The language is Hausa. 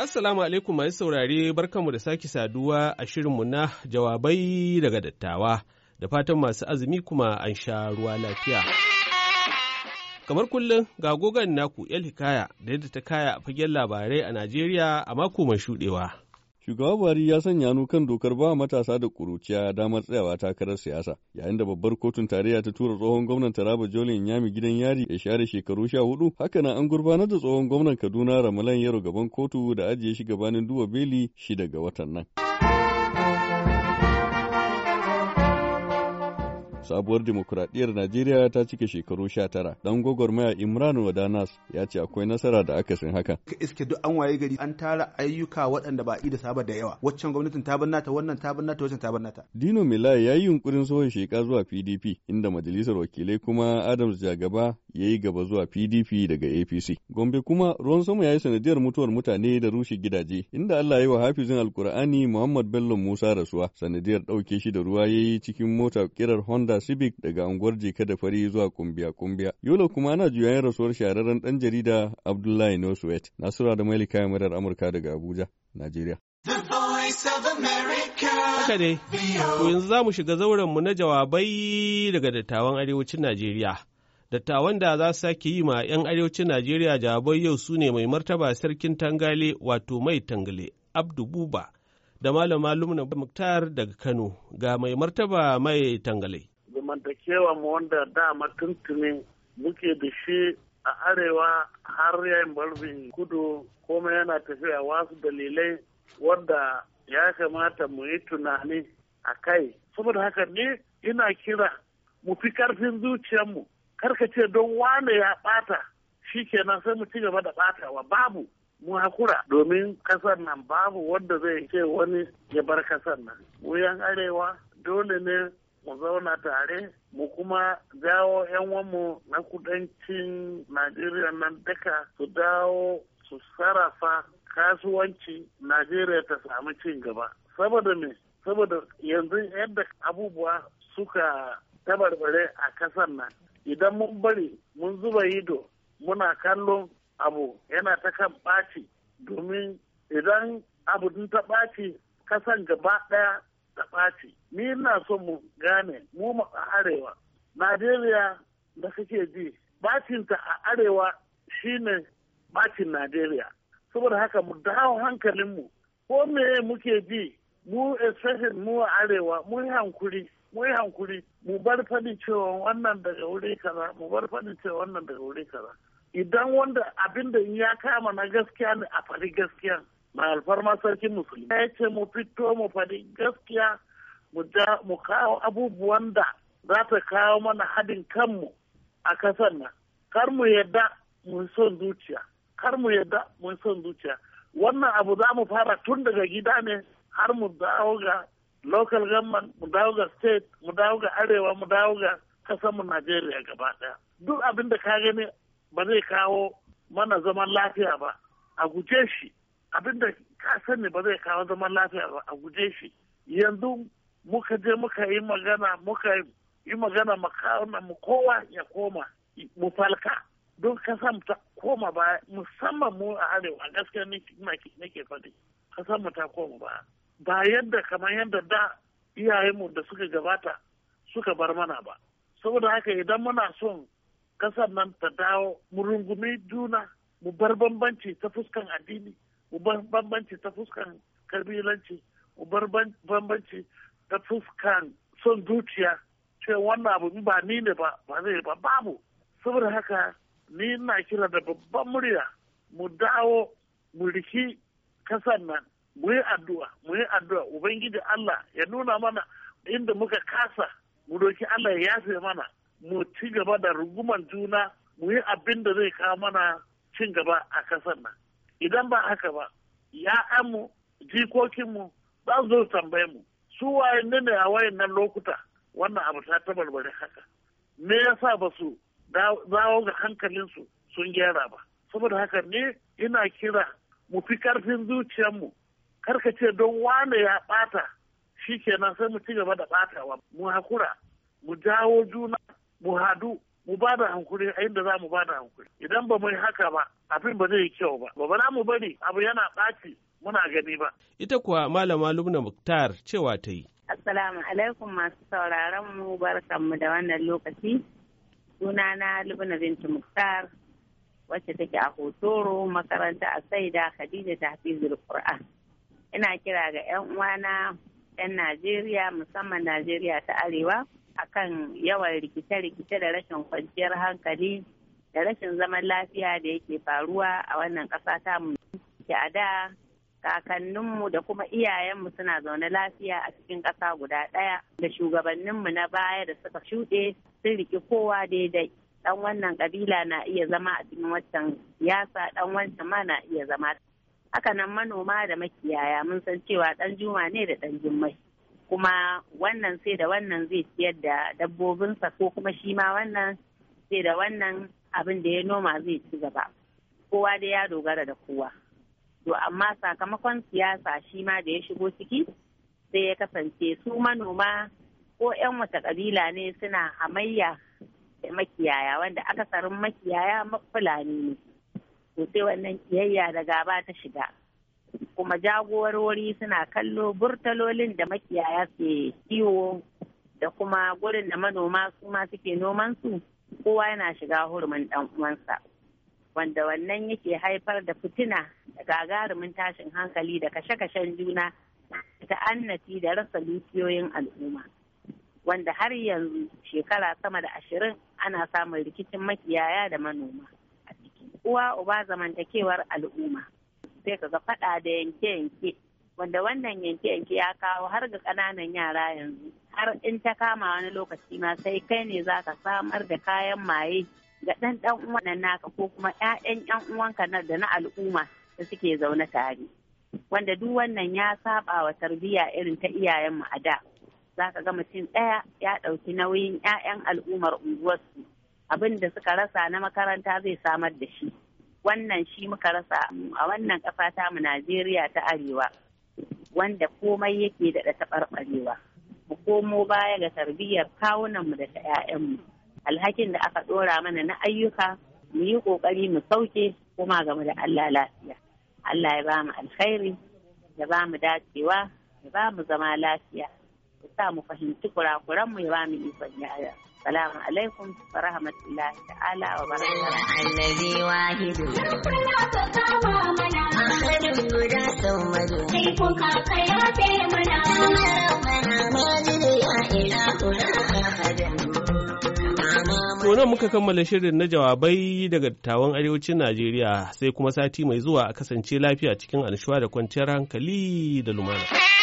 Assalamu alaikum masu saurare barkanmu da sake saduwa a shirin mu na jawabai daga dattawa da fatan masu azumi kuma an sha ruwa lafiya. Kamar kullum ga gogon naku El Hikaya da yadda ta kaya a fagen labarai a Najeriya a mako mai shuɗewa. Shugaba Buhari ya sanya hannu kan dokar ba matasa da kuruciya damar tsayawa takarar siyasa, yayin da babbar kotun tarayya ta tura tsohon gwamnan Taraba Jolin Yami gidan yari ya share shekaru sha hudu, haka na an gurbanar da tsohon gwamnan Kaduna Ramalan Yaro gaban kotu da ajiye shi gabanin duba Beli shida ga watan nan. sabuwar dimokuraɗiyyar najeriya ta cike shekaru sha tara dan gwagwarmaya imran wadanas ya ce akwai nasara da aka akasin haka ka iske duk an waye gari an tara ayyuka waɗanda ba ida saba da yawa waccan gwamnatin ta nata wannan ta nata waccan ta nata dino milai ya yi yunkurin Soya sheka zuwa pdp inda majalisar wakilai kuma adams jagaba ya yi gaba zuwa pdp daga apc gombe kuma ruwan sama ya yi sanadiyar mutuwar mutane da rushe gidaje inda allah ya yi wa hafizin alkur'ani muhammad bello musa rasuwa sanadiyar ɗauke shi da ruwa ya yi cikin mota kirar honda Civic daga unguwar Jeka da Fari zuwa Kumbiya Kumbiya. Yola kuma ana juyayen rasuwar shahararren ɗan jarida Abdullahi Noswet. Nasura da mailika Yamirar Amurka daga Abuja, Najeriya. Haka ne, yanzu za mu shiga zauren mu na jawabai daga dattawan arewacin Najeriya. Dattawan da za su sake yi ma 'yan arewacin Najeriya jawabai yau su ne mai martaba sarkin tangale wato mai tangale, Abdu Buba, da malama Lumna Muktar daga Kano ga mai martaba mai tangale. zamantakewa mu wanda dama tuntunin muke da shi a arewa har yayin barbin kudu kuma yana tafiya wasu dalilai wanda ya kamata mu yi tunani a kai saboda haka ne ina kira mu fi karfin zuciyarmu ce don wane ya bata shi kenan sai mu ci gaba da batawa babu mu hakura domin kasar nan babu wanda zai ce wani ya bar kasar nan wuyan arewa dole ne mu zauna tare mu kuma jawo 'yan mu na kudancin najeriya nan duka su dawo su sarrafa kasuwanci najeriya ta samu cin gaba saboda me saboda yanzu yadda abubuwa suka tabarbare a kasar nan idan mun bari mun zuba ido muna kallon abu yana ta kan ɓaci domin idan abu ta ɓaci kasan gaba ɗaya ta ɓaci ni na so mu gane mu a arewa najeriya da kake ji bacinta a arewa shine bacin najeriya saboda haka mu dawo hankalinmu ko me muke ji mu especially mu a arewa mu yi hankuri mu yi hankuri mu bar fadi cewa wannan daga wuri kaza mu bar fadi cewa wannan daga wuri kaza idan wanda abin da ya kama na gaskiya ne a faɗi gaskiya na alfarma sarkin musulmi ya ce mu fito mu faɗi gaskiya mu kawo abubuwan da za ta kawo mana haɗin kanmu a ƙasar nan kar mu yadda mun son zuciya kar mu yadda mun son zuciya wannan abu za mu fara tun daga gida ne har mu dawo ga local government mu dawo ga state mu dawo ga arewa mu dawo ga kasar mu Najeriya gaba ɗaya duk abin da ka gani ba zai kawo mana zaman lafiya ba a guje shi abin da ka sani ba zai kawo zaman lafiya ba a guje shi yanzu muka je muka yi magana muka yi magana mu kowa ya koma mu falka don kasan ta koma ba musamman mu a arewa gaskiya nake faɗi kasan mu ta koma ba ba yadda kamar yadda da iyayenmu da suka gabata suka bar mana ba saboda haka idan muna son kasar nan ta dawo mu rungumi juna mu bar bambanci ta fuskan addini mu bar bambanci ta fuskan kabilanci mu bar bambanci da fuskan son zuciya ce wannan abu ba ni ne ba ba zai ba babu saboda haka ni na kira da babban murya mu dawo mu riki kasan nan mu yi addu'a mu yi addu'a ubangiji Allah ya nuna mana inda muka kasa mu doki Allah ya yafe mana mu ci gaba da ruguman juna mu yi abin da zai kawo mana cin gaba a kasan nan idan ba haka ba ya amu jikokinmu za su zo tambaye mu su waye ne ne a wayannan lokuta wannan abu ta tabarbare haka me yasa ba su dawo ga hankalinsu sun gyara ba saboda haka ne ina kira mu fi karfin zuciyarmu ce don wane ya bata shi kenan sai mu ci gaba da batawa mu hakura mu jawo juna mu hadu mu ba da hankuri a inda za mu ba da hankuri idan ba mu yi haka ba abin ba zai yi kyau ba ba za mu bari abu yana ɓaci muna gani ba. Ita kuwa Malama Lubna Muktar cewa ta yi. Assalamu alaikum masu sauraron mu barkanmu da wannan lokaci. Sunana Lubna Bintu Muktar wacce take a Hotoro makaranta a Saida Khadija Tahfizul Qur'an. Ina kira ga 'yan uwana 'yan Najeriya musamman Najeriya ta Arewa akan yawan rikice-rikice da rashin kwanciyar hankali da rashin zaman lafiya da yake faruwa a wannan ƙasa ta Ke a da kakanninmu da kuma iyayenmu suna zaune lafiya a cikin ƙasa guda ɗaya da shugabanninmu na baya da suka shuɗe sun riƙi kowa daidai dan wannan ƙabila na iya zama a cikin wancan yasa dan wancan ma na iya zama haka nan manoma da makiyaya mun san cewa dan juma ne da dan jummai kuma wannan sai da wannan zai ciyar da dabbobinsa ko kuma shi ma wannan sai da wannan abin da ya noma zai ci gaba kowa dai ya dogara da kowa to amma sakamakon siyasa shi ma da ya shigo ciki sai ya kasance su manoma ko 'yan wata kabila ne suna hamayya da makiyaya wanda aka akasarin makiyaya fulani ne to sai wannan kiyayya da gaba ta shiga kuma jagorori suna kallo burtalolin da makiyaya ke kiwo da kuma gurin da manoma su ma suke noman su kowa yana shiga hurumin dan uwansa wanda wannan yake haifar da fitina da gagarumin tashin hankali da kashe-kashen juna ta'annati da rasa dukiyoyin al'umma wanda har yanzu shekara sama da ashirin ana samun rikicin makiyaya da manoma a uwa uba zamantakewar al'umma sai ka ga faɗa da yanke-yanke wanda wannan yanke-yanke ya kawo har ga ƙananan yara yanzu har in ta kama wani lokaci ma sai kai ne za ka samar da kayan maye ga ɗan ɗan uwan naka ko kuma ƴaƴan ƴan uwanka na da na al'umma da suke zaune tare wanda duk wannan ya saba wa tarbiyya irin ta iyayen mu a da za ka ga mutum ɗaya ya ɗauki nauyin ƴaƴan al'ummar unguwarsu abin da suka rasa na makaranta zai samar da shi wannan shi muka rasa a wannan ƙasa ta mu Najeriya ta arewa wanda komai yake da taɓarɓarewa mu komo baya ga tarbiyyar kawunanmu da ta ƴaƴanmu alhakin da aka ɗora mana na ayyuka mu yi ƙoƙari mu sauke kuma game da Allah lafiya. Allah ya ba mu alkhairi, ya ba mu dacewa, ya ba mu zama lafiya, ya sa mu fahimci kurakuranmu ya ba mu ikon yaya. Salamu alaikum wa rahmatullahi ta'ala wa barakatuhu. mana. To nan muka kammala shirin na jawabai daga dattawan arewacin Najeriya sai kuma sati mai zuwa a kasance lafiya cikin annashuwa da kwanciyar hankali da lumana.